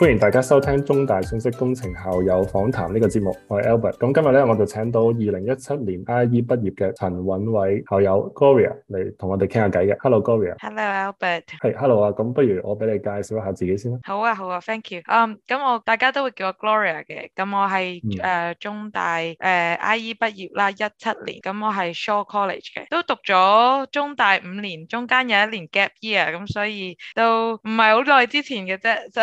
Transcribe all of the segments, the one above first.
歡迎大家收聽中大信息工程校友訪談呢個節目，我係 Albert。咁今日咧，我就請到二零一七年 IE 畢業嘅陳韻卉校友 Gloria 嚟同我哋傾下偈嘅。Hello Gloria。Hello Albert，hey。係，Hello 啊。咁不如我俾你介紹一下自己先啦。好啊，好啊，Thank you。嗯，咁我大家都會叫我 Gloria 嘅。咁我係誒、uh, 中大誒、uh, IE 畢業啦，一七年。咁我係 Shaw College 嘅，都讀咗中大五年，中間有一年 gap year，咁所以都唔係好耐之前嘅啫，就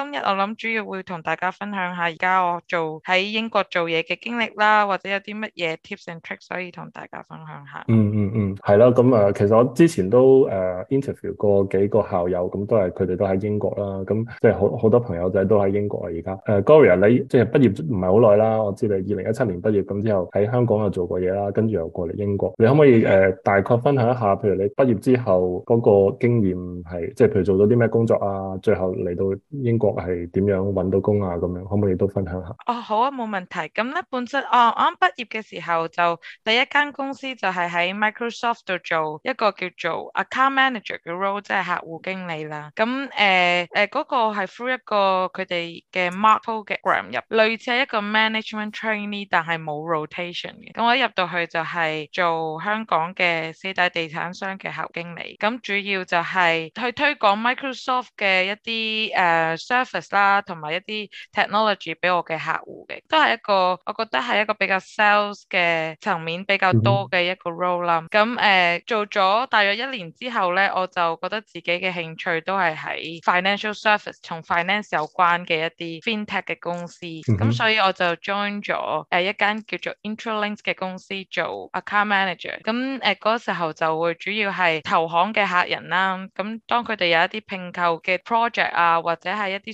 咁。我諗主要會同大家分享下而家我做喺英國做嘢嘅經歷啦，或者有啲乜嘢 tips and tricks 可以同大家分享下。嗯嗯嗯，係、嗯、啦，咁誒、嗯，其實我之前都誒 interview 過幾個校友，咁都係佢哋都喺英國啦，咁即係好好多朋友仔都喺英國啊。而家。誒 Gloria 你即係畢業唔係好耐啦，我知你二零一七年畢業，咁之後喺香港又做過嘢啦，跟住又過嚟英國，你可唔可以誒大概分享一下，譬如你畢業之後嗰個經驗係，即係譬如做咗啲咩工作啊，最後嚟到英國係點樣揾到工啊？咁樣可唔可以都分享下？哦，好啊，冇問題。咁咧，本身、哦、我啱畢業嘅時候就第一間公司就係喺 Microsoft 度做一個叫做 Account Manager 嘅 role，即係客戶經理啦。咁誒誒，嗰、呃呃嗰個係 through 一個佢哋嘅 market programme 入，類似係一個 management trainee，但係冇 rotation 嘅。咁我一入到去就係做香港嘅四大地產商嘅客經理，咁主要就係去推廣 Microsoft 嘅一啲誒商。呃啦，同埋一啲 technology 俾我嘅客戶嘅，都係一個，我覺得係一個比較 sales 嘅層面比較多嘅一個 role 啦。咁、mm、誒 -hmm. 呃，做咗大約一年之後咧，我就覺得自己嘅興趣都係喺 financial service，同 finance 有關嘅一啲 FinTech 嘅公司。咁、mm -hmm. 所以我就 join 咗誒、呃、一間叫做 Intralinks 嘅公司做 account manager。咁誒、呃那個時候就會主要係投行嘅客人啦。咁當佢哋有一啲併購嘅 project 啊，或者係一啲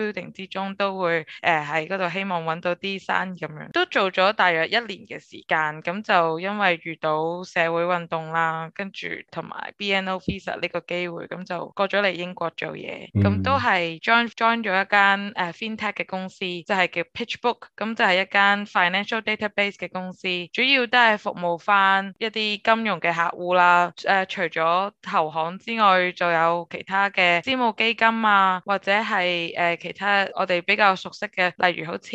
building 之中都會誒喺度希望揾到啲生意咁樣，都做咗大約一年嘅時間，咁就因為遇到社會運動啦，跟住同埋 BNO visa 呢個機會，咁就過咗嚟英國做嘢，咁、嗯、都係 join join 咗一間誒、uh, FinTech 嘅公司，就係、是、叫 PitchBook，咁就係一間 financial database 嘅公司，主要都係服務翻一啲金融嘅客戶啦。誒、呃、除咗投行之外，仲有其他嘅私募基金啊，或者係誒。呃其他我哋比較熟悉嘅，例如好似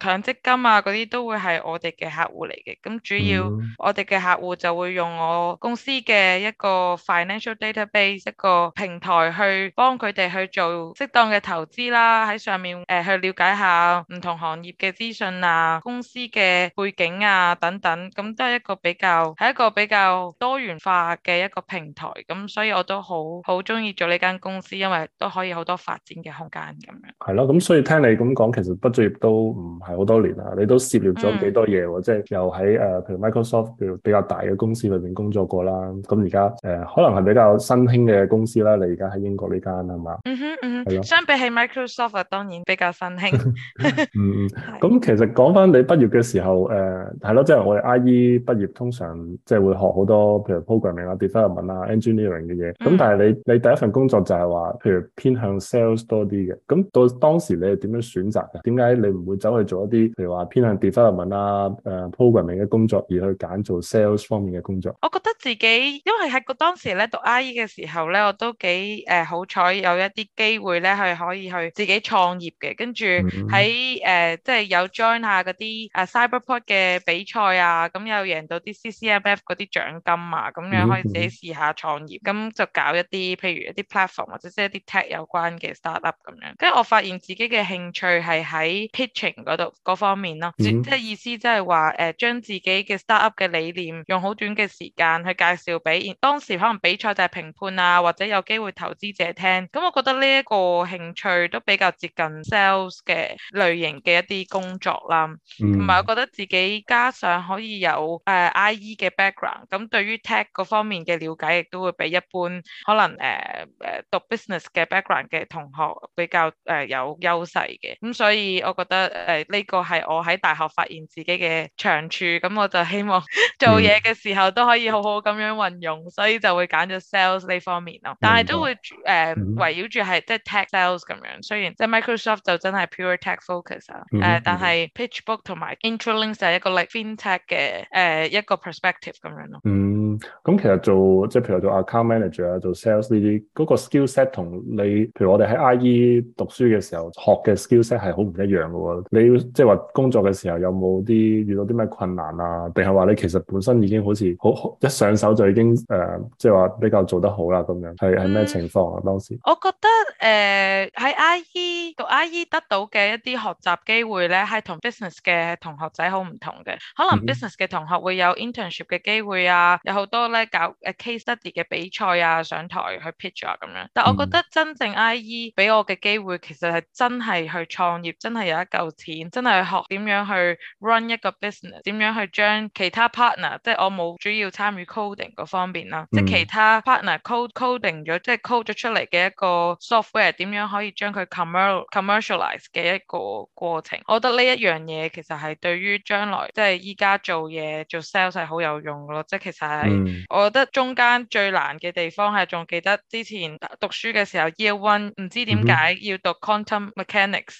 強積金啊嗰啲都會係我哋嘅客戶嚟嘅。咁主要我哋嘅客戶就會用我公司嘅一個 financial database 一個平台去幫佢哋去做適當嘅投資啦。喺上面誒去了解下唔同行業嘅資訊啊、公司嘅背景啊等等。咁都係一個比較係一個比較多元化嘅一個平台。咁所以我都好好中意做呢間公司，因為都可以好多發展嘅空間咁樣。係咯，咁所以聽你咁講，其實畢咗業都唔係好多年啦，你都涉獵咗幾多嘢，嗯，即係又喺誒，譬如 Microsoft 譬如比較大嘅公司裏邊工作過啦。咁而家誒，可能係比較新興嘅公司啦。你而家喺英國呢間係嘛？嗯哼，嗯係咯，相比起 Microsoft，當然比較新興。嗯 嗯，咁其實講翻你畢業嘅時候，誒係咯，即係、就是、我哋 IE 畢業通常即係會學好多，譬如 programming 啊、development、嗯、啊、engineering 嘅嘢。咁但係你你第一份工作就係話，譬如偏向 sales 多啲嘅，咁到。當時你係點樣選擇嘅？點解你唔會走去做一啲譬如話偏向 development 啊、誒 programming 嘅工作，而去揀做 sales 方面嘅工作？我覺得自己因為喺個當時咧讀 IE 嘅時候咧，我都幾誒好彩，有一啲機會咧係可以去自己創業嘅。跟住喺誒即係有 join 下嗰啲啊 Cyberport 嘅比賽啊，咁又贏到啲 CCMF 嗰啲獎金啊，咁樣可以自己試下創業。咁就搞一啲譬如一啲 platform 或者即係一啲 tech 有關嘅 startup 咁樣。跟住我發發現自己嘅興趣係喺 pitching 嗰度嗰方面咯，即係、Mm-hmm. 意思即係話誒將自己嘅 start-up 嘅理念用好短嘅時間去介紹俾當時可能比賽就係評判啊，或者有機會投資者聽。咁我覺得呢一個興趣都比較接近 sales 嘅類型嘅一啲工作啦，同埋、Mm-hmm. 我覺得自己加上可以有、呃、IE 嘅 background，咁對於 tech 嗰方面嘅了解亦都會比一般可能誒、呃、讀 business 嘅 background 嘅同學比較、呃有優勢嘅，咁、嗯、所以我覺得誒呢、呃這個係我喺大學發現自己嘅長處，咁我就希望做嘢嘅時候都可以好好咁樣運用、嗯，所以就會揀咗 sales 呢方面咯。但係都會誒、呃嗯、圍繞住係即係 tech sales 咁樣，雖然即係 Microsoft 就真係 pure tech focus 啊、呃嗯，但係 PitchBook 同埋 Interlink 就係一個 like fintech 嘅、呃、一個 perspective 咁樣咯。嗯咁、嗯、其實做即係譬如做 account manager 啊，做 sales 呢啲，嗰個 skill set 同你，譬如我哋喺 IE 讀書嘅時候學嘅 skill set 係好唔一樣喎。你即係話工作嘅時候有冇啲遇到啲咩困難啊？定係話你其實本身已經好似好，好一上手就已經誒，即係話比較做得好啦咁樣。係係咩情況啊？當時？我覺得。誒，喺 IE 讀 IE 得到嘅一啲學習機會咧，係同 business 嘅同學仔好唔同嘅。可能 business 嘅同學會有 internship 嘅機會啊，有好多咧搞誒 case study 嘅比賽啊，上台去 pitch 啊咁樣。但係我覺得真正 IE 俾我嘅機會其實係真係去創業，真係有一嚿錢，真係去學點樣去 run 一個 business，點樣去將其他 partner，即係我冇主要參與 coding 嗰方面啦，mm. 即係其他 partner code coding 咗，即係 code 咗出嚟嘅一個 soft。點樣可以將佢 commercial commercialize 嘅一個過程？我覺得呢一樣嘢其實係對於將來即係依家做嘢做 sales 係好有用咯。即係其實係我覺得中間最難嘅地方係仲記得之前讀書嘅時候，year one 唔知點解要讀 quantum mechanics，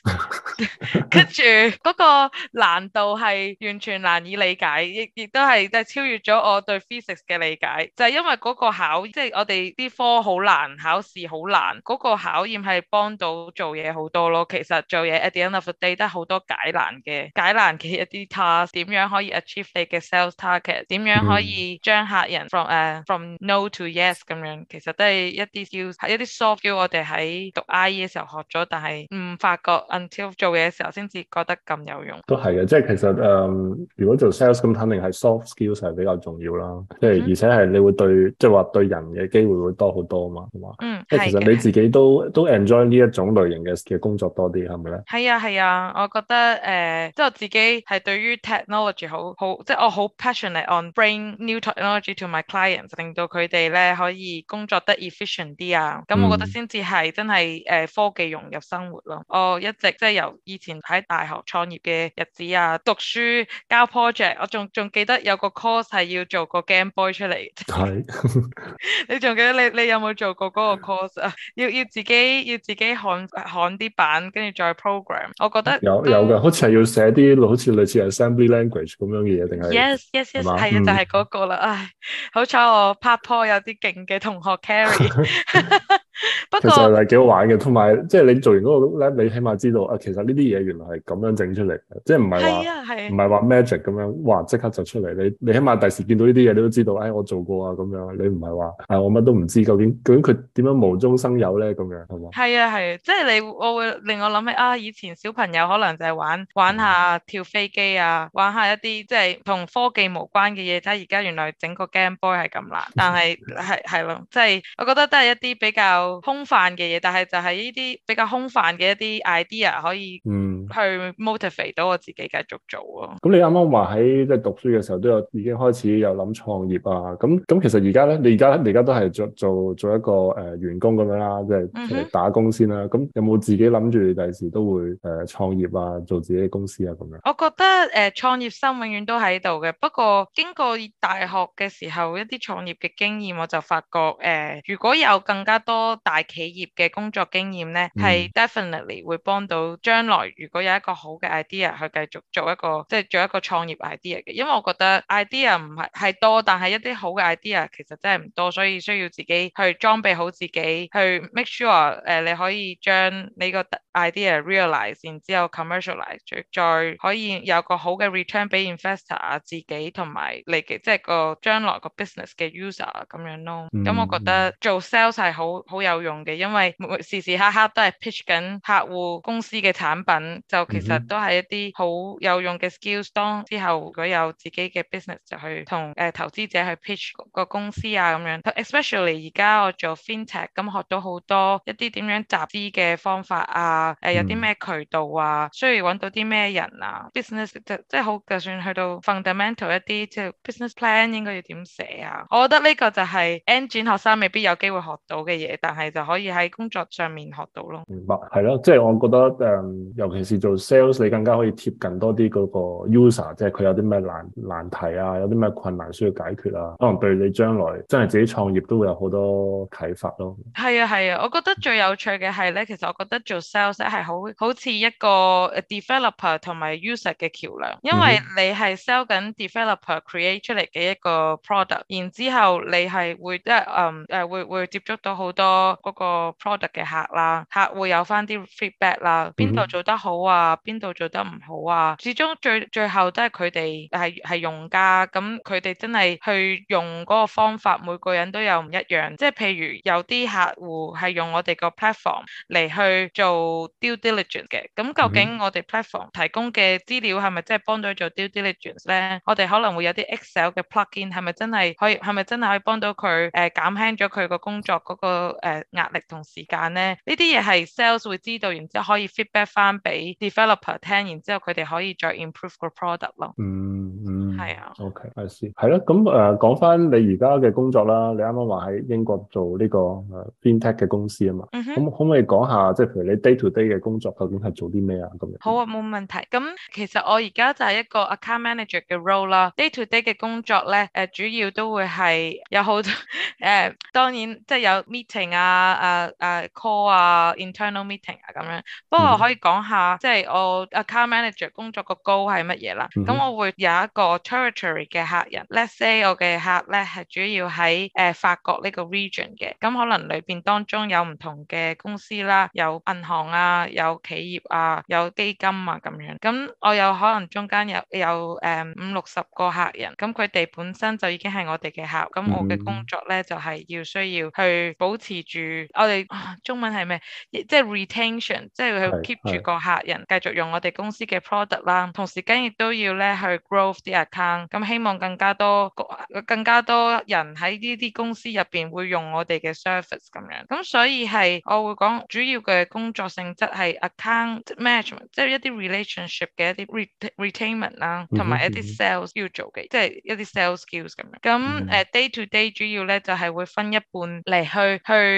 跟住，mm-hmm. 個難度係完全難以理解，亦亦都係即係超越咗我對 physics 嘅理解。就係、是、因為個考，即、就、係、是、我哋啲科好難考試好難、個考。考驗係幫到做嘢好多咯，其實做嘢 at the end of the day 都係好多解難嘅解難嘅一啲 task，點樣可以 achieve 你嘅 sales target，點樣可以將客人 from 誒、uh, from no to yes 咁樣，其實都係一啲 skill，係一啲 soft skill 我哋喺讀 IE 嘅時候學咗，但係唔發覺 until 做嘢嘅時候先至覺得咁有用。都係嘅，即係其實誒，um, 如果做 sales 咁，肯定係 soft skills 係比較重要啦，即係而且係你會對即係話對人嘅機會會多好多啊嘛，係嘛？嗯，即係其實你自己都。都 enjoy 呢一種類型嘅嘅工作多啲係咪咧？係啊係啊，我覺得誒、呃、即係我自己係對於 technology 好好，即係我好 passionate on bring new technology to my clients，令到佢哋咧可以工作得 efficient 啲啊！咁我覺得先至係真係誒科技融入生活咯、嗯。我一直即係由以前喺大學創業嘅日子啊，讀書交 project，我仲仲記得有個 course 係要做個 game boy 出嚟。係， 你仲記得你你有冇做過嗰個 course 啊？要要自己。要自己看看啲板，跟住再 program。我覺得有有嘅、嗯，好似係要寫啲好似類似 assembly language 咁樣嘅嘢，定係 yes yes yes，係啊，就係、係、嗰個啦、嗯。唉，好彩我拍 a 有啲勁嘅同學 carry。 不過其實係幾好玩嘅，同埋即係你做完嗰個咧，你起碼知道啊，其實呢啲嘢原來係咁樣整出嚟，即係唔係話唔係話 magic 咁樣，哇即刻就出嚟。你你起碼第時見到呢啲嘢，你都知道，誒、哎、我做過啊咁樣。你唔係話我乜都唔知，究竟究竟佢點樣無中生有咧咁樣係嘛？係啊係啊，即係、啊就是、你我會令我諗起啊，以前小朋友可能就係玩玩下跳飛機啊，玩一下一啲即係同科技無關嘅嘢，睇而家原來整個 Game Boy 係咁難。但係係係咯，即係、啊就是、我覺得都係一啲比較。空泛嘅嘢，但係就係呢啲比較空泛嘅一啲 idea 可以，嗯，去 motivate 到我自己繼續做咯。咁你啱啱話喺即係讀書嘅時候都有已經開始有諗創業啊，咁咁其實而家咧，你而家咧而家都係做做做一個誒員工咁樣啦，即係誒打工先啦，啊。咁、嗯、有冇自己諗住第時都會誒創業啊，做自己嘅公司啊咁樣？我覺得誒、呃、創業心永遠都喺度嘅，不過經過大學嘅時候一啲創業嘅經驗，我就發覺誒、呃、如果有更加多。大企業嘅工作經驗咧，係、mm. definitely 會幫到將來如果有一個好嘅 idea 去繼續做一個，即、就、係、是、做一個創業 idea 嘅。因為我覺得 idea 唔係係多，但係一啲好嘅 idea 其實真係唔多，所以需要自己去裝備好自己，去 make sure 誒、呃、你可以將你個 idea realize 然之後 commercialize，再可以有個好嘅 return 俾 investor 啊，自己同埋你嘅即係個將來個 business 嘅 user 咁樣咯。咁、mm. 嗯、我覺得做 sales 係好好有。有用嘅，因為時時刻刻都係 pitch 緊客戶公司嘅產品，就其實都係一啲好有用嘅 skills、mm -hmm.。當之後如果有自己嘅 business 就去同誒、呃、投資者去 pitch 個公司啊咁樣。especially 而家我做 fintech，咁學到好多一啲點樣集資嘅方法啊，誒、呃、有啲咩渠道啊，mm -hmm. 需要揾到啲咩人啊，business 就即係好，就算去到 fundamental 一啲，即係 business plan 應該要點寫啊。我覺得呢個就係 engine 學生未必有機會學到嘅嘢，但係就可以喺工作上面學到咯。明白，係咯，即係我覺得誒尤其是做 sales，你更加可以貼近多啲嗰個 user，即係佢有啲咩難難題啊，有啲咩困難需要解決啊，可能對你將來真係自己創業都會有好多啟發咯。係啊，係啊，我覺得最有趣嘅係咧，其實我覺得做 sales 係好好似一個 developer 同埋 user 嘅橋梁，因為你係 sell 緊 developer create 出嚟嘅一個 product，然之後你係會即係誒誒會會接觸到好多。嗰、那個 product 嘅客啦，客會有翻啲 feedback 啦，邊度做得好啊，邊度做得唔好啊，始終最最後都係佢哋係係用家，咁佢哋真係去用嗰個方法，每個人都有唔一樣，即係譬如有啲客戶係用我哋個 platform 嚟去做 due diligence 嘅，咁究竟我哋 platform 提供嘅資料係咪真係幫到佢做 due diligence 咧？我哋可能會有啲 Excel 嘅 plugin 係咪真係可以，係咪真係可以幫到佢誒、呃、減輕咗佢個工作嗰、那個？呃壓力同時間咧，呢啲嘢係 sales 會知道，然之後可以 feedback 翻俾 developer 聽，然之後佢哋可以再 improve 個 product 咯。嗯，係、嗯、啊。OK，I see，係咯。咁、呃、誒，講翻你而家嘅工作啦。你啱啱話喺英國做呢、這個誒，FinTech、呃、嘅公司啊嘛。嗯哼。可可唔可以講下，即、就、係、是、譬如你 day to day 嘅工作，究竟係做啲咩啊？咁樣。好啊，冇問題。咁其實我而家就係一個 account manager 嘅 role 啦。day to day 嘅工作咧，誒、呃，主要都會係有好多誒、呃，當然即係有 meeting 啊。啊，誒 call 啊、uh、internal meeting 啊，咁樣。不過可以講下，mm -hmm. 即係我 account manager 工作個 goal 係乜嘢啦？咁、mm -hmm. 我會有一個 territory 嘅客人。Let's say 我嘅客咧係主要喺、呃、法國呢個 region 嘅。咁可能裏面當中有唔同嘅公司啦，有銀行啊，有企業啊，有基金啊咁樣。咁我有可能中間有有五六十個客人。咁佢哋本身就已經係我哋嘅客。咁我嘅工作咧就係、是、要需要去保持住我哋、啊、中文係咩？即係 retention，即係去 keep 住個客人繼續用我哋公司嘅 product 啦。同時間亦都要咧去 grow 啲 account，咁、嗯、希望更加多更加多人喺呢啲公司入邊會用我哋嘅 service 咁樣，咁、嗯、所以係我會講主要嘅工作性質係、就是、account management, 即係一啲 relationship 嘅一啲 retainment 啦，同埋一啲 sales 要做嘅，即係、就是、一啲 sales skills 咁樣，咁、嗯、誒 day to day 主要咧就係、是、會分一半嚟去去。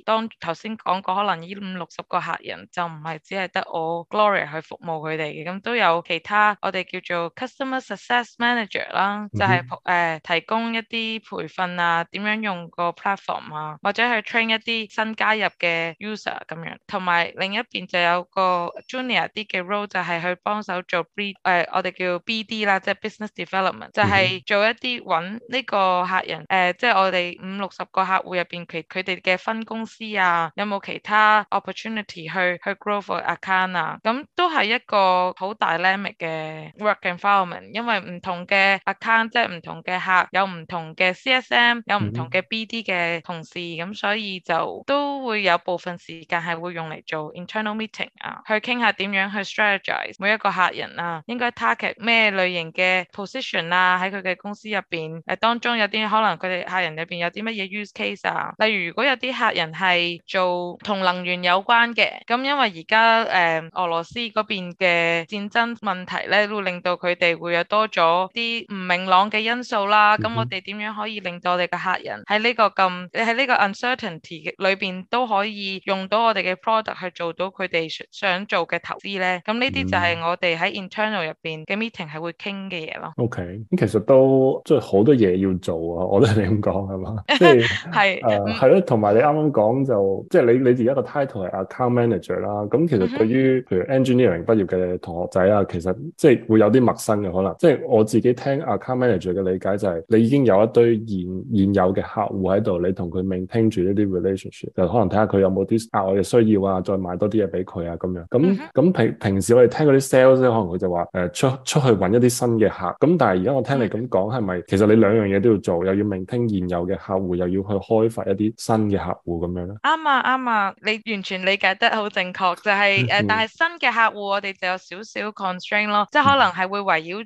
當頭先講過，可能呢五六十個客人就唔係，只係得我 Gloria 去服務佢哋嘅。咁都有其他我哋叫做 Customer Success Manager 啦，嗯、就係、是、誒、呃、提供一啲培訓啊，點樣用個 platform 啊，或者去 train 一啲新加入嘅 user 咁樣，同埋另一邊就有個 Junior 啲嘅 role 就係去幫手做 B 誒、呃、我哋叫 BD 啦，即、就、係、是、Business Development，就係做一啲揾呢個客人誒即係我哋五六十個客戶入邊其佢哋嘅分工。司啊，有冇其他 opportunity 去去 grow for account 啊？咁都係一個好 dynamic 嘅 work environment，因為唔同嘅 account，即係唔同嘅客，有唔同嘅 CSM，有唔同嘅 BD 嘅同事，咁所以就都會有部分時間係會用嚟做 internal meeting 啊，去傾下點樣去 strategize 每一個客人啊，應該 target 咩類型嘅 position 啊，喺佢嘅公司入邊誒當中有啲可能佢哋客人入邊有啲乜嘢 use case 啊，例如如果有啲客人。係做同能源有關嘅，咁因為而家誒俄羅斯嗰邊嘅戰爭問題咧，都會令到佢哋會有多咗啲唔明朗嘅因素啦。咁、嗯、我哋點樣可以令到我哋嘅客人喺呢、呢個咁，你喺呢個 uncertainty 裏邊都可以用到我哋嘅 product 去做到佢哋想做嘅投資咧？咁呢啲就係我哋喺 internal 入邊嘅 meeting 係會傾嘅嘢咯。嗯、o、okay. K，其實都即係好多嘢要做啊，我都係咁講係嘛，即係係係咯，同埋你啱啱講。 講就即係你，你而家個 title 係 account manager 啦。咁其實對於譬如 engineering 畢業嘅同學仔啊，其實即係會有啲陌生嘅可能。即係我自己聽 account manager 嘅理解就係，你已經有一堆現現有嘅客戶喺度，你同佢 maintain 住呢啲 relationship，就可能睇下佢有冇啲額外嘅需要啊，再買多啲嘢俾佢啊咁樣。咁咁平平時我哋聽嗰啲 sales 可能佢就話出出去揾一啲新嘅客。咁但係而家我聽你咁講，係、嗯、咪其實你兩樣嘢都要做，又要 maintain 現有嘅客戶，又要去開發一啲新嘅客戶咁？啱啊，啱啊，你完全理解得好正確，就係、呃、但係新嘅客戶我哋就有少少 constraint 咯，即係可能係會圍繞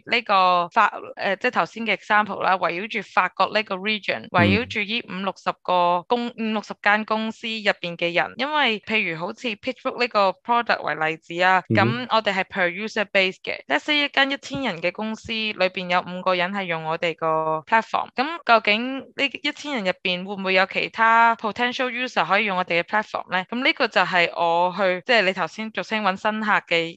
住呢個法、呃、即係頭先嘅 example 啦，圍繞住法國呢個 region，圍繞住呢五六十個公五六十間公司入面嘅人，因為譬如好似 Pitchbook 呢個 product 為例子啊，咁我哋係 per user base 嘅，即係一間一千人嘅公司裏面有五個人係用我哋個 platform，咁究竟呢一千人入面會唔會有其他 potential？Potential、user 可以用我哋嘅 platform 咧，咁呢個就係我去，即、就、係、是、你頭先逐星揾新客嘅誒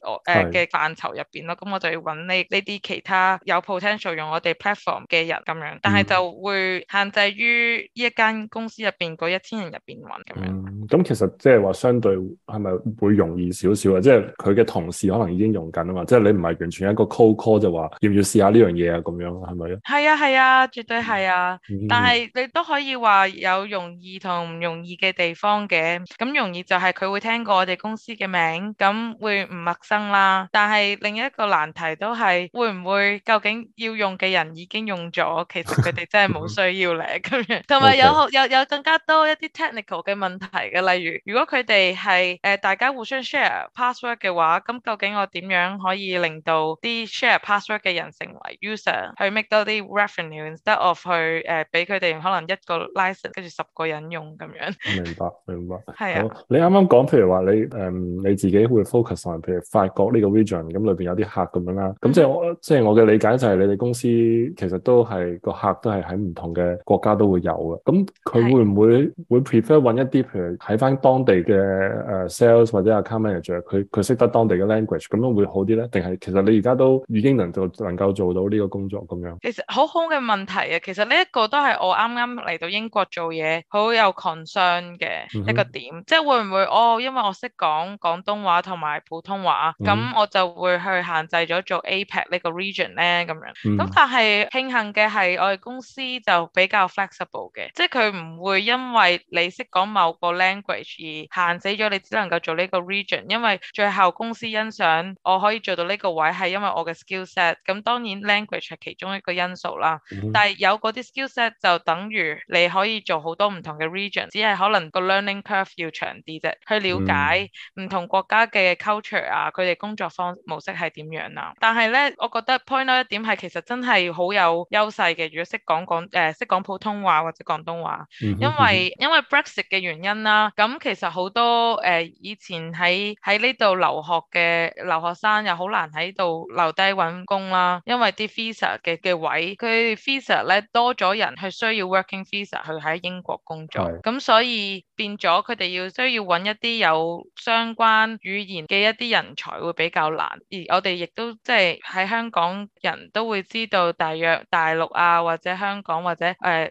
嘅範疇入邊咯，咁、呃、我就要揾呢啲其他有 potential 用我哋 platform 嘅人咁樣，但係就會限制於呢一間公司入邊嗰一千人入邊揾咁樣。咁、嗯、其實即係話相對係咪會容易少少啊？即係佢嘅同事可能已經用緊啊嘛，即、就、係、是、你唔係完全一個 cold call, call 就話要唔要試下呢樣嘢啊咁樣，係咪係？係啊係啊，絕對係啊， 但係你都可以話有容易同唔容易嘅地方嘅，咁容易就係佢會聽過我哋公司嘅名，咁會唔陌生啦。但係另一個難題都係會唔會究竟要用嘅人已經用咗，其實佢哋真係冇需要咧，咁 樣。同埋有好、okay. 有有,有更加多一啲 technical 嘅問題嘅，例如如果佢哋係誒大家互相 share password 嘅話，咁究竟我點樣可以令到啲 share password 嘅人成為 user 去 make 多啲 revenue，instead of 去誒俾佢哋可能一個 license 跟住十個人用。明白，明白。係、 啊、你啱啱講，譬如話你誒、嗯、你自己會 focus 喺譬如法國呢個 region，咁裏面有啲客咁樣啦。咁即係我即 我嘅理解就係你哋公司其實都係個客都係喺唔同嘅國家都會有嘅。咁佢會唔會會 prefer 揾一啲譬如喺翻當地嘅、呃、sales 或者 account manager，佢佢識得當地嘅 language，咁樣會好啲咧？定係其實你而家都已經能夠能夠做到呢個工作咁樣？其實好好嘅問題啊，其實呢一個都係我啱啱嚟到英國做嘢，好有商嘅一個點，mm -hmm. 即係會唔會哦？因為我識講廣東話同埋普通話，咁、mm -hmm. 我就會去限制咗做 APEC 呢個 region 咧咁樣，咁、mm -hmm. 但係慶幸嘅係我哋公司就比較 flexible 嘅，即係佢唔會因為你識講某個 language 而限死咗你，只能夠做呢個 region。因為最後公司欣賞我可以做到呢個位，係因為我嘅 skillset。咁當然 language 係其中一個因素啦，mm -hmm. 但係有啲 skillset 就等於你可以做好多唔同嘅 region。只係可能個 learning curve 要長啲啫，去了解唔同國家嘅 culture 啊，佢哋工作方模式係點樣啊？但係咧，我覺得 point 咯一點係其實真係好有優勢嘅，如果識講廣、呃、識講普通話或者廣東話，因為因為 Brexit 嘅原因啦，咁其實好多、呃、以前喺喺呢度留學嘅留學生又好難喺度留低搵工啦，因為啲 Visa 嘅嘅位，佢 Visa 咧多咗人去需要 working Visa 去喺英國工作咁。咁所以變咗，佢哋要需要揾一啲有相關語言嘅一啲人才會比較難，而我哋亦都即係喺香港人都會知道，大約大陸啊，或者香港或者誒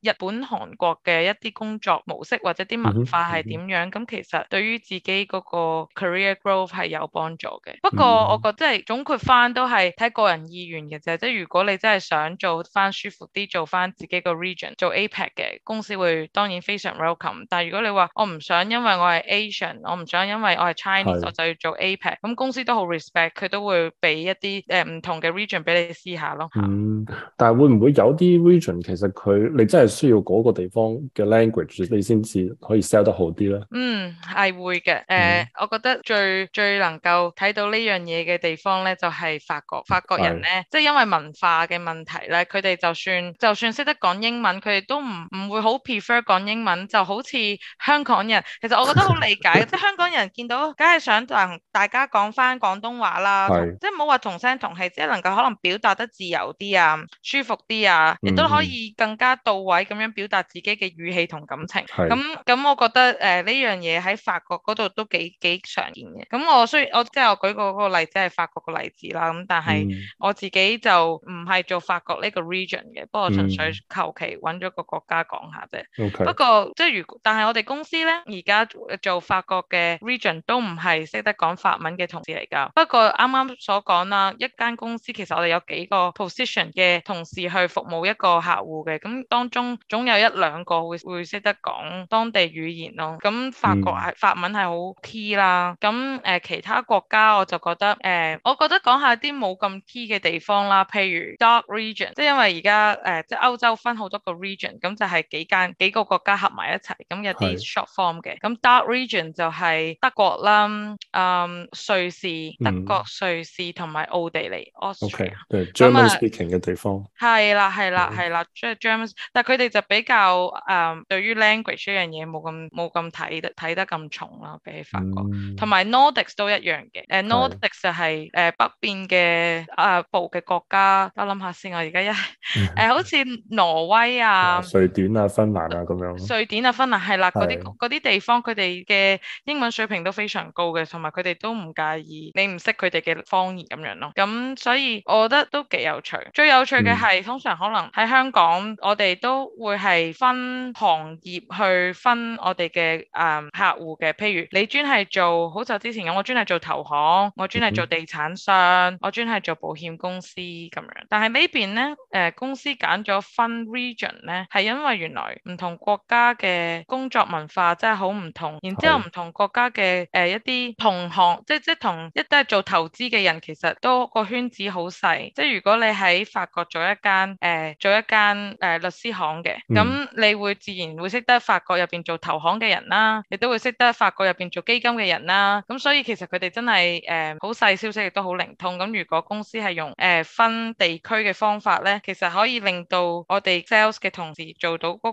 日本、韓國嘅一啲工作模式或者啲文化係點樣，咁其實對於自己個 career growth 係有幫助嘅。不過我覺得係總括翻都係睇個人意願嘅啫。即係如果你真係想做翻舒服啲，做翻自己個 region 做 APAC 嘅公司，會當然會非常。welcome。但係如果你話我唔想，因為我係 Asian，我唔想因為我係 Chinese，是我就要做 APAC。咁公司都好 respect，佢都會俾一啲誒唔同嘅 region 俾你試下咯。嗯，但係會唔會有啲 region 其實佢你真係需要嗰個地方嘅 language，你先至可以 sell 得好啲咧？嗯，係會嘅、呃嗯。我覺得最最能夠睇到呢樣嘢嘅地方咧，就係、是、法國。法國人咧，即係因為文化嘅問題咧，佢哋就算就算識得講英文，佢哋都唔唔會好 prefer 講英文。就好似香港人，其實我覺得好理解 即係香港人見到，梗係想同大家講翻廣東話啦，是即係唔好話同聲同氣，即係能夠可能表達得自由啲啊，舒服啲啊，亦都可以更加到位咁樣表達自己嘅語氣同感情。咁咁，咁咁我覺得誒呢樣嘢喺法國嗰度都幾幾常見嘅。咁我雖然我即係我舉個個，個例子係法國個例子啦，咁但係我自己就唔係做法國呢個 region 嘅、嗯，不過我純粹求其揾咗個國家講下啫。Okay. 不過。即係如，但係我哋公司咧而家做法國嘅 region 都唔係識得講法文嘅同事嚟㗎。不過啱啱所講啦，一間公司其實我哋有幾個 position 嘅同事去服務一個客戶嘅，咁當中總有一兩個會會識得講當地語言咯。咁法國係、嗯、法文係好 key 啦。咁誒其他國家我就覺得誒、呃、我覺得講下啲冇咁 key 嘅地方啦，譬如 dark region，即係因為而家誒即係歐洲分好多個 region，咁就係幾間幾個國家合。埋一齊咁有啲 short form 嘅，咁 dark region 就係德國啦，嗯，瑞士、德國、嗯、瑞士同埋奧地利，OK，German Speaking 嘅地方，係啦，係啦，係啦，即係 German，但係佢哋就比較嗯、呃、對於 language 呢樣嘢冇咁冇咁睇得睇得咁重啦、啊，比起法國，同、嗯、埋 Nordics 都一樣嘅，誒 Nordics 就係誒北邊嘅啊北極國家，我諗下先，我而家一誒、 呃、好似挪威啊、 啊瑞典啊、芬蘭啊咁樣。瑞典啊、芬蘭係啦，嗰啲嗰啲地方，佢哋嘅英文水平都非常高嘅，同埋佢哋都唔介意你唔識佢哋嘅方言咁樣咯。咁所以我覺得都幾有趣。最有趣嘅係、嗯、通常可能喺香港，我哋都會係分行業去分我哋嘅誒客戶嘅。譬如你專係做好就之前咁，我專係做投行，我專係做地產商，嗯、我專係做保險公司咁樣，但係呢邊咧誒公司揀咗分 region 咧，係因為原來唔同國家。家嘅工作文化真係好唔同，然之後唔同國家嘅誒一啲同行，即係即係同一都係做投資嘅人，其實都個圈子好細，即係如果你喺法國做一間誒、呃、做一間誒、呃、律師行嘅，咁、嗯、你會自然會識得法國入邊做投行嘅人啦，亦都會識得法國入邊做基金嘅人啦。咁所以其實佢哋真係誒好細消息，亦都好靈通。咁如果公司係用誒、呃、分地區嘅方法咧，其實可以令到我哋 sales 嘅同事做到嗰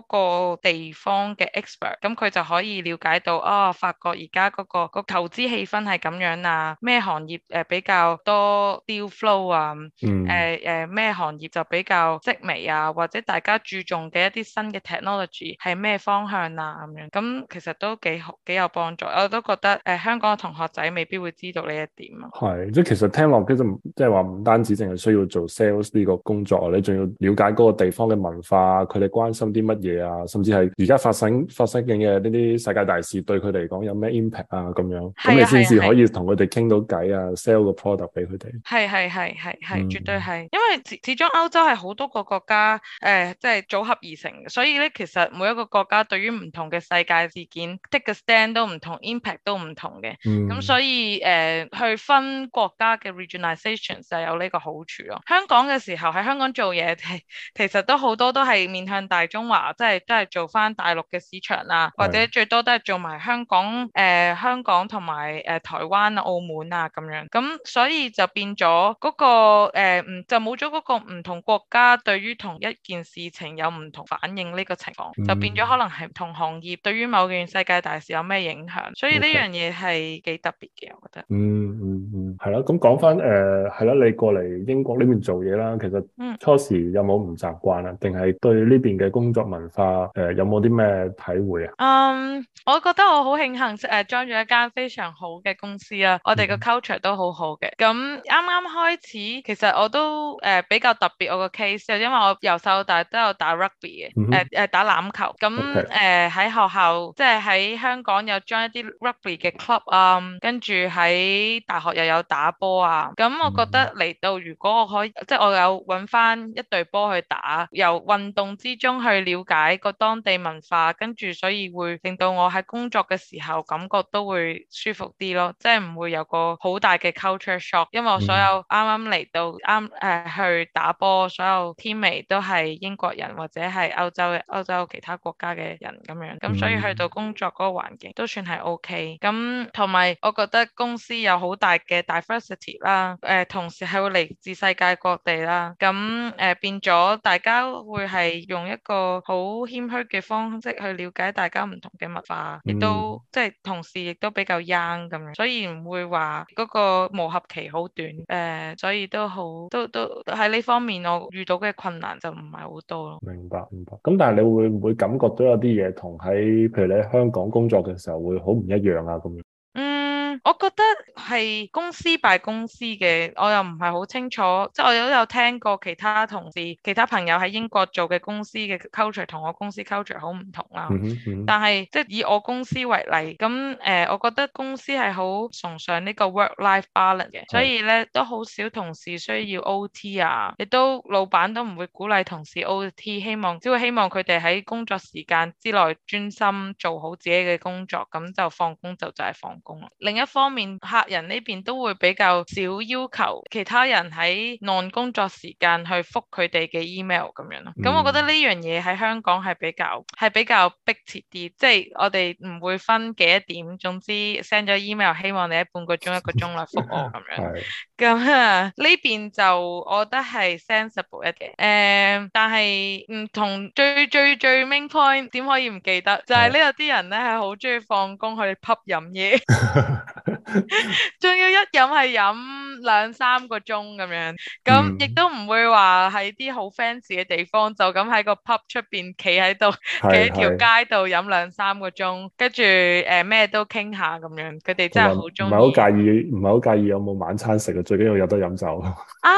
個地方。方嘅 expert，咁佢就可以了解到啊、哦，法國而家嗰個、嗰個投資氣氛係咁樣啊，咩行業誒、呃、比較多 deal flow 啊，誒誒咩行業就比較積微啊，或者大家注重嘅一啲新嘅 technology 係咩方向啊咁樣，咁其實都幾好幾有幫助，我都覺得誒、呃、香港嘅同學仔未必會知道呢一點啊。係，即係其實聽落其實即係話唔單止淨係需要做 sales 呢個工作啊，你仲要了解嗰個地方嘅文化，佢哋關心啲乜嘢啊，甚至係而家。發生發生嘅呢啲世界大事對佢嚟講有咩 impact 啊咁樣，咁、啊、你先至可以同佢哋傾到偈啊，sell 個 product 俾佢哋。係係係係係，絕對係，因為始始終歐洲係好多個國家，誒、呃，即係組合而成，所以咧其實每一個國家對於唔同嘅世界事件 take a stand 都唔同，impact 都唔同嘅。咁、嗯、所以誒、呃，去分國家嘅 regionalisation 就有呢個好處咯。香港嘅時候喺香港做嘢，其其實都好多都係面向大中華，即係都係做翻大大陸嘅市場啦，或者最多都係做埋香港，誒、呃、香港同埋誒台灣、澳門啊咁樣，咁所以就變咗嗰、嗰個誒、呃，就冇咗嗰個唔同國家對於同一件事情有唔同反應呢個情況，就變咗可能係同行業對於某件世界大事有咩影響，所以呢樣嘢係幾特別嘅，我覺得。嗯嗯。係啦、啊，咁講翻誒，係、呃、啦、啊，你過嚟英國呢邊做嘢啦，其實初時有冇唔習慣啊？定係對呢邊嘅工作文化誒、呃，有冇啲咩體會啊？嗯、um，我覺得我好慶幸誒 join 咗一間非常好嘅公司啦，我哋個 culture 都好好嘅。咁啱啱開始，其實我都誒、呃、比較特別我個 case 就因為我由細到大都有打 rugby 嘅，誒、mm、誒 -hmm. 呃、打欖球。咁誒喺學校即係喺香港有 join 一啲 rugby 嘅 club 啊、呃，跟住喺大學又有。打波啊！咁我覺得嚟到，如果我可以，即係我有揾翻一隊波去打，由運動之中去了解個當地文化，跟住所以會令到我喺工作嘅時候感覺都會舒服啲咯，即係唔會有個好大嘅 culture shock，因為我所有啱啱嚟到啱誒、呃、去打波，所有 team 都係英國人或者係歐洲嘅歐洲其他國家嘅人咁樣，咁所以去到工作嗰個環境都算係 OK。咁同埋我覺得公司有好大嘅 Diversity 啦，誒同時係會嚟自世界各地啦，咁誒、呃、變咗大家會係用一個好謙虛嘅方式去了解大家唔同嘅文化，亦、嗯、都即係、就是、同時亦都比較 young 咁樣，所以唔會話嗰個磨合期好短，誒、呃，所以都好都都喺呢方面我遇到嘅困難就唔係好多咯。明白明白，咁但係你會唔會感覺到有啲嘢同喺譬如你喺香港工作嘅時候會好唔一樣啊？咁樣，嗯，我覺得。係公司 by 公司嘅，我又唔係好清楚，即係我都有聽過其他同事、其他朋友喺英國做嘅公司嘅 culture 同我公司 culture 好唔同啦。Mm -hmm. 但係即係以我公司為例，咁、呃、我覺得公司係好崇尚呢個 work-life balance 嘅，mm -hmm. 所以咧都好少同事需要 OT 啊，亦都老闆都唔會鼓勵同事 OT，希望只會希望佢哋喺工作時間之內專心做好自己嘅工作，咁就放工就就係放工啦。另一方面，人呢邊都會比較少要求其他人喺 non 工作時間去覆佢哋嘅 email 咁樣咯，咁我覺得呢樣嘢喺香港係比較係、嗯、比較迫切啲，即、就、係、是、我哋唔會分幾多點，總之 send 咗 email 希望你喺半個鐘 一個鐘內覆我咁樣，咁呢邊就我覺得係 sensible 一嘅，誒、嗯，但係唔同最最最 main point 點可以唔記得就係、是、呢度啲人咧係好中意放工去 pub 飲嘢。 仲要一飲係飲兩三個鐘咁樣，咁亦都唔會話喺啲好 fancy 嘅地方，嗯、就咁喺個 pub 出邊企喺度，企喺條街度飲兩三個鐘，跟住，誒咩都傾下咁樣。佢哋真係好中意唔係好介意，唔係好介意有冇晚餐食嘅，最緊要有得飲酒。啱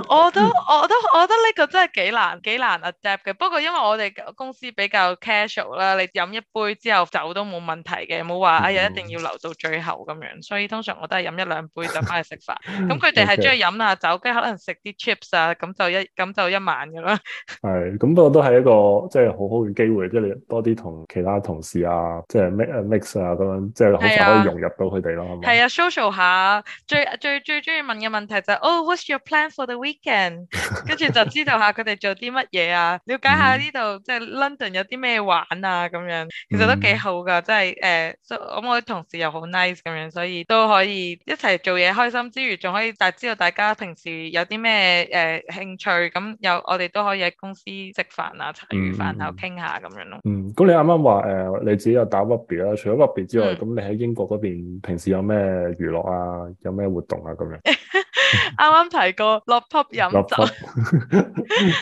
啊，我都我都我覺得呢個真係幾難幾 難 adapt 嘅。不過因為我哋公司比較 casual 啦，你飲一杯之後走都冇問題嘅，冇話啊日一定要留到最後咁樣。所以通常我都係飲一兩杯就翻去食飯。咁佢哋係中意飲下酒，跟、okay. 住可能食啲 chips 啊，咁就一咁就一晚噶啦。係咁，不過都係一個即係、就是、好好嘅機會，即、就、係、是、多啲同其他同事啊，即係 mix mix 啊，咁樣即係好快可以融入到佢哋咯。係啊，啊，social 下最最最中意問嘅問題就係、是、哦、oh，what's your plan for the weekend？跟 住就知道下佢哋做啲乜嘢啊，了解下呢度即係 London 有啲咩玩啊咁樣，其實都幾好噶，即係誒，咁、呃、我啲同事又好 nice 咁樣，所以都。都可以一齊做嘢，開心之餘，仲可以，大知道大家平時有啲咩誒興趣，咁有我哋都可以喺公司食飯啊，茶餘飯後傾下咁樣咯。嗯，咁、嗯嗯、你啱啱話誒，你自己有打 w u b b l e 啦，除咗 w u b b l e 之外，咁、嗯、你喺英國嗰邊平時有咩娛樂啊，有咩活動啊咁樣？啱 啱提過 落 pub 飲飲酒。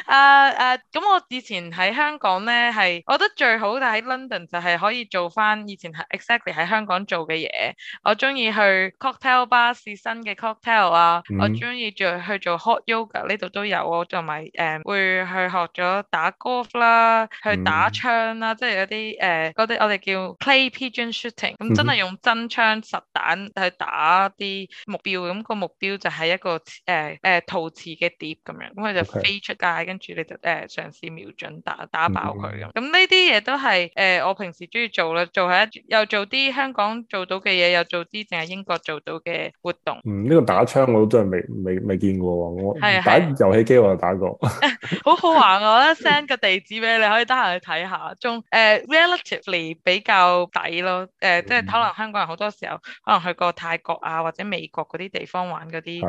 啊啊，咁我以前喺香港咧，係我覺得最好就喺 London 就係可以做翻以前 exactly 喺香港做嘅嘢。我中意去。去 cocktail 吧，試新嘅 cocktail 啊！Mm -hmm. 我中意做去做 hot yoga 呢度都有啊，同埋誒會去學咗打 golf 啦，去打槍啦，mm -hmm. 即係有啲誒嗰啲我哋叫 clay pigeon shooting，咁真係用真槍實彈去打啲目標，咁個目標就係一個誒誒、呃呃、陶瓷嘅碟咁樣，咁佢就飛出街，跟、okay. 住你就誒嘗試瞄準打打爆佢咁。咁呢啲嘢都係誒、呃、我平時中意做啦，做係一又做啲香港做到嘅嘢，又做啲淨係。英。個做到嘅活動，嗯，呢、這個打槍我都真係未未未見過，我是是打遊戲機我就打過，好好玩 我覺得，send 個地址俾你，你可以得閒去睇下，仲誒、uh, relatively 比較抵咯，誒即係可能香港人好多時候可能去過泰國啊或者美國嗰啲地方玩嗰啲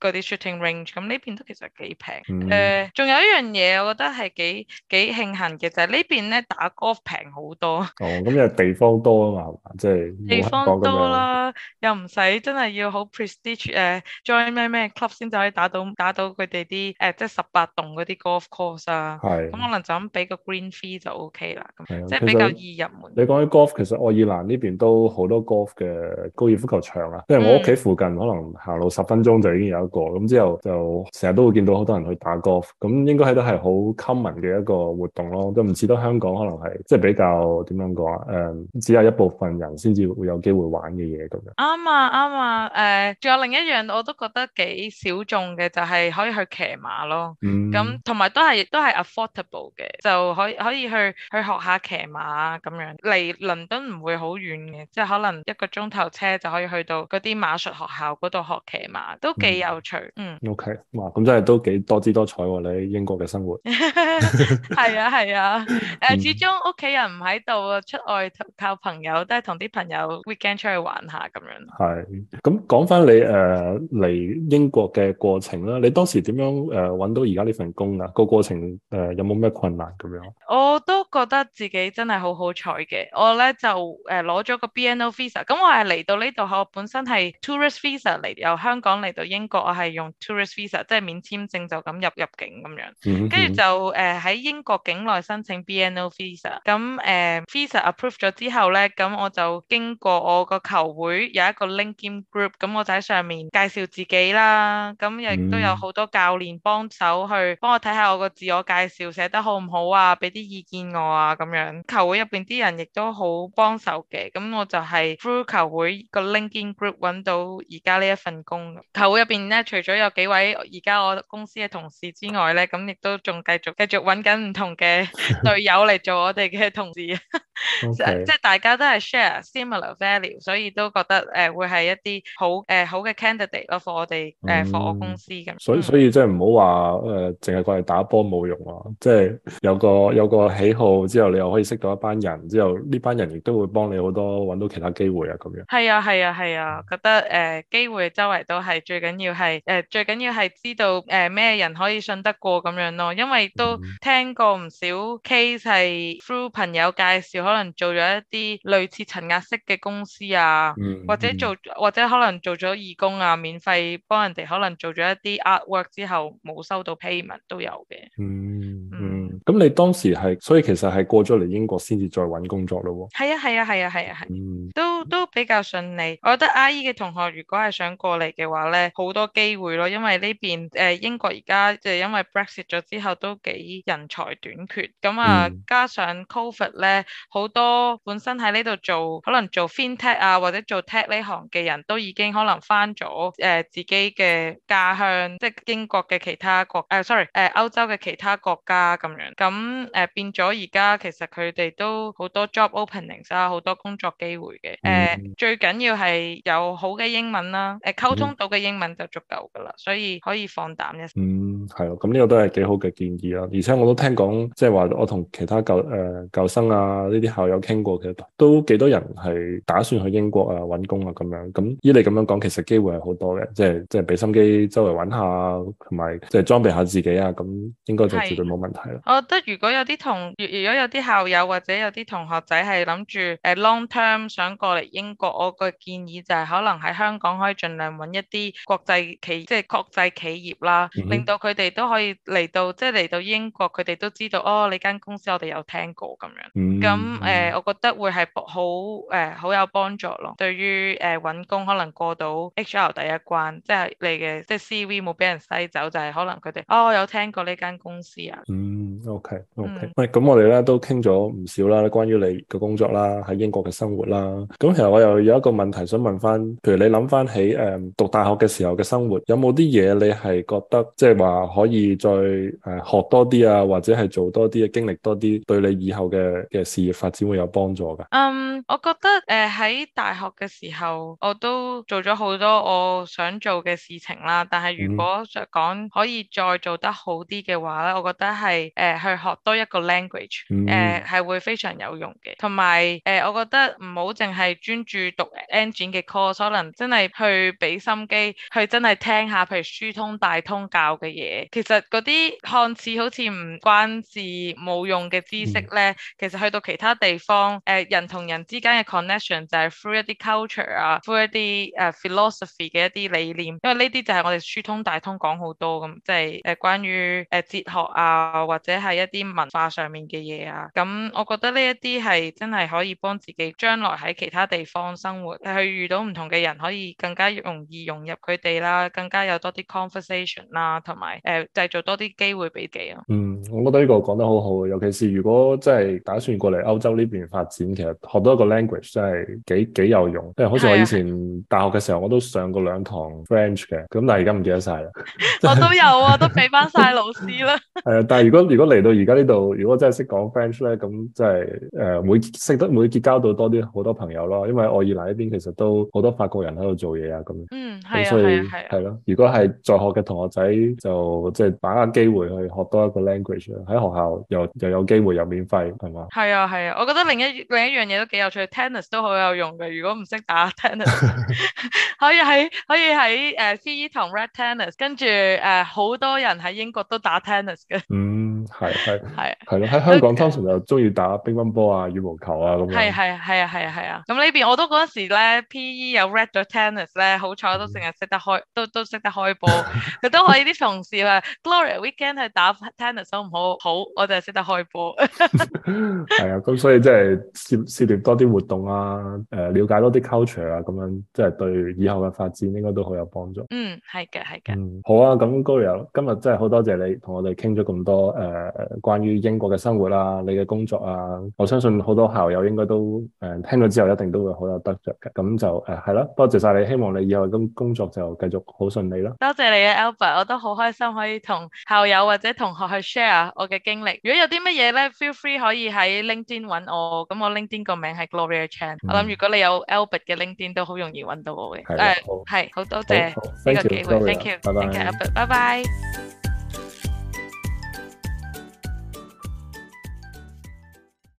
嗰啲 shooting range，咁呢邊都其實幾平，誒、嗯、仲、呃、有一樣嘢，我覺得係幾幾慶幸嘅就係、是、呢邊咧打 golf 平好多，哦咁因為地方多啊嘛，即 係地方多啦，又。唔使真係要好 prestige join 咩咩 club 先至可以打到打到佢哋啲即係十八洞嗰啲 golf course 啊，咁可能就咁俾個 green fee 就 OK 啦，即係、就是、比較易入門。你講起 golf 其實愛爾蘭呢邊都好多 golf 嘅高爾夫球場啊，因為我屋企附近可能行路十分鐘就已經有一個，咁、嗯、之後就成日都會見到好多人去打 golf，咁應該係都係好 common 嘅一個活動咯、啊，都唔似得香港可能係即係比較點樣講啊、呃，只有一部分人先至會有機會玩嘅嘢咁樣。啱啊，誒、啊，仲有另一樣我都覺得幾小眾嘅，就係可以去騎馬咯。咁同埋都係都係 affordable 嘅，就可以可以去去學下騎馬咁樣，離倫敦唔會好遠嘅，即係可能一個鐘頭車就可以去到嗰啲馬術學校嗰度學騎馬，都幾有趣。嗯，嗯，OK，哇，咁真係都幾多姿多彩喎、啊！你喺英國嘅生活，係啊係啊，誒、啊啊，始終屋企人唔喺度啊，出外靠朋友，都係同啲朋友 weekend 出去玩下咁樣。係咁講翻你誒嚟、呃、英國嘅過程啦，你當時點樣誒搵、呃、到而家呢份工啊？個過程誒、呃、有冇咩困難咁樣？我都覺得自己真係好好彩嘅，我咧就誒攞咗個 BNO Visa。咁我係嚟到呢度，我本身係 Tourist Visa 嚟，由香港嚟到英國，我係用 Tourist Visa，即係免簽證就咁入入境咁樣。跟、嗯、住、嗯、就誒喺、呃、英國境內申請 BNO Visa。咁、呃、誒 Visa Approve 咗之後咧，咁我就經過我個球會有一個 LinkedIn group 咁我就喺上面介紹自己啦，咁亦都有好多教練幫手去幫我睇下我個自我介紹寫得好唔好啊，俾啲意見我啊咁樣。球會入邊啲人亦都好幫手嘅，咁我就係 through 球會個 LinkedIn group 揾到而家呢一份工。球會入邊咧，除咗有幾位而家我公司嘅同事之外咧，咁亦都仲繼續繼續揾緊唔同嘅隊友嚟做我哋嘅同事， okay. 即係大家都係 share similar value，所以都覺得誒。呃會係一啲好誒、呃、好嘅 candidate 咯 for 我哋誒 for 我公司咁。所以、嗯、所以即係唔好話誒，淨係過嚟打波冇用啊！即、就、係、是、有個有個喜好之後，你又可以識到一班人，之後呢班人亦都會幫你好多揾到其他機會啊！咁樣係啊係啊係啊，啊，覺得誒機、呃、會周圍都係最緊要係誒、呃、最緊要係知道誒咩、呃、人可以信得過咁樣咯。因為都聽過唔少 case 係 through 朋友介紹，可能做咗一啲類似層壓式嘅公司啊，嗯、或者。做或者可能做咗義工啊，免費幫人哋，可能做咗一啲 artwork 之後冇收到 payment 都有嘅。嗯咁你當時係，所以其實係過咗嚟英國先至再揾工作咯喎。係啊，係啊，係啊，係啊，啊嗯、都都比較順利。我覺得 IE 嘅同學如果係想過嚟嘅話呢，好多機會咯，因為呢邊、呃、英國而家就因為 Brexit 咗之後都幾人才短缺，咁啊、嗯、加上 Covid 咧，好多本身喺呢度做可能做 FinTech 啊或者做 Tech 呢行嘅人都已經可能翻咗、呃、自己嘅家鄉，即係英國嘅其他國誒、呃、，sorry 誒、呃、歐洲嘅其他國家咁樣。咁誒、呃、變咗而家，其實佢哋都好多 job openings 啊，好多工作機會嘅。誒、嗯呃、最緊要係有好嘅英文啦、啊呃，溝通到嘅英文就足夠噶啦、嗯，所以可以放膽一。嗯，係啊，咁呢個都係幾好嘅建議啦。而且我都聽講，即係話我同其他舊誒、呃、生啊，呢啲校友傾過嘅，其實都幾多人係打算去英國啊揾工啊咁樣。咁以你咁樣講，其實機會係好多嘅，即係即係俾心機周圍揾下，同埋即係裝備下自己啊，咁應該就絕對冇問題啦。即係如果有啲同，如果有啲校友或者有啲同學仔係諗住 long term 想過嚟英國，我個建議就係可能喺香港可以盡量揾一啲國際企，即係國際企業啦，mm -hmm. 令到佢哋都可以嚟到，即係嚟到英國，佢哋都知道哦，呢間公司我哋有聽過咁樣。咁、mm -hmm. 呃、我覺得會係好好有幫助咯。對於誒揾、呃、工可能過到 HR 第一關，即、就、係、是、你嘅即係 CV 冇俾人篩走，就係、是、可能佢哋哦有聽過呢間公司啊。Mm -hmm. O K O K 喂，咁我哋咧都傾咗唔少啦，關於你嘅工作啦，喺英國嘅生活啦。咁其實我又有一個問題想問翻，譬如你諗翻起誒、嗯、讀大學嘅時候嘅生活，有冇啲嘢你係覺得即係話可以再誒、呃、學多啲啊，或者係做多啲嘅經歷多啲，對你以後嘅嘅事業發展會有幫助噶？嗯，我覺得誒喺、呃、大學嘅時候，我都做咗好多我想做嘅事情啦。但係如果講可以再做得好啲嘅話咧、嗯，我覺得係誒。呃去學多一個 language，誒、mm、係 -hmm. 呃、會非常有用嘅。同埋誒我覺得唔好淨係專注讀 engine 嘅 course，可能真係去俾心機去真係聽一下，譬如書通大通教嘅嘢。其實啲看似好似唔關事、冇用嘅知識咧，mm -hmm. 其實去到其他地方，誒、呃、人同人之間嘅 connection 就係 through 一啲 culture 啊 through 一啲誒 philosophy 嘅一啲理念，因為呢啲就係我哋書通大通講好多咁，即係誒關於誒哲學啊，或者係。係一啲文化上面嘅嘢啊，咁我覺得呢一啲係真係可以幫自己將來喺其他地方生活，去遇到唔同嘅人，可以更加容易融入佢哋啦，更加有多啲 conversation 啦，同埋誒製造多啲機會俾自己啊。嗯，我覺得呢個講得好好啊，尤其是如果真係打算過嚟歐洲呢邊發展，其實學到一個 language 真係幾幾有用。即係好似我以前大學嘅時候，啊，我都上過兩堂 French 嘅，咁但係而家唔記得晒啦。我都有啊，都俾翻晒老師啦。係啊，但係 真的 如果如果你嚟到而家呢度，如果真係識講 French 咧，咁即係誒，會識得會結交到多啲好多朋友咯。因為愛爾蘭呢邊其實都好多法國人喺度做嘢啊，咁樣。嗯，係啊，係啊，係啊。係咯，如果係在學嘅同學仔，就即係把握機會去學多一個 language 啦。喺學校又又有機會又免費，係嘛？係啊，係啊。我覺得另一另一樣嘢都幾有趣，tennis 都好有用嘅。如果唔識打 tennis，可以喺可以喺誒 C E 堂 red tennis，跟住誒好多人喺英國都打 tennis 嘅。嗯。係係係係咯，喺香港通常就中意打乒乓波啊、羽毛球啊咁樣。係係係啊係啊係啊。咁呢邊我都嗰陣時咧 P.E. 有 read 咗 tennis 咧，好彩都成日識得開，嗯、都都識得開波。亦 都可以啲同事啊，gloria weekend 去打 tennis 好唔好，好我就識得開波。係 啊，咁所以即、就、係、是、涉涉獵多啲活動啊，誒、呃、了解多啲 culture 啊，咁樣即係對以後嘅發展應該都好有幫助。嗯，係嘅係嘅。好啊，咁 gloria 今日真係好多謝你同我哋傾咗咁多誒。呃誒，關於英國嘅生活啦，你嘅工作啊，我相信好多校友應該都誒，聽到之後一定都會好有得着嘅。咁就誒，係咯，多謝晒你，希望你以後嘅工作就繼續好順利咯。多謝你啊，Albert，我都好開心可以同校友或者同學去 share 我嘅經歷。如果有啲乜嘢咧，feel free 可以喺 LinkedIn 揾我，咁我 LinkedIn 個名係 Gloria Chan。我諗如果你有 Albert 嘅 LinkedIn 都好容易揾到我嘅。係，係，好多謝呢個機會，thank you，拜拜，Albert，拜拜。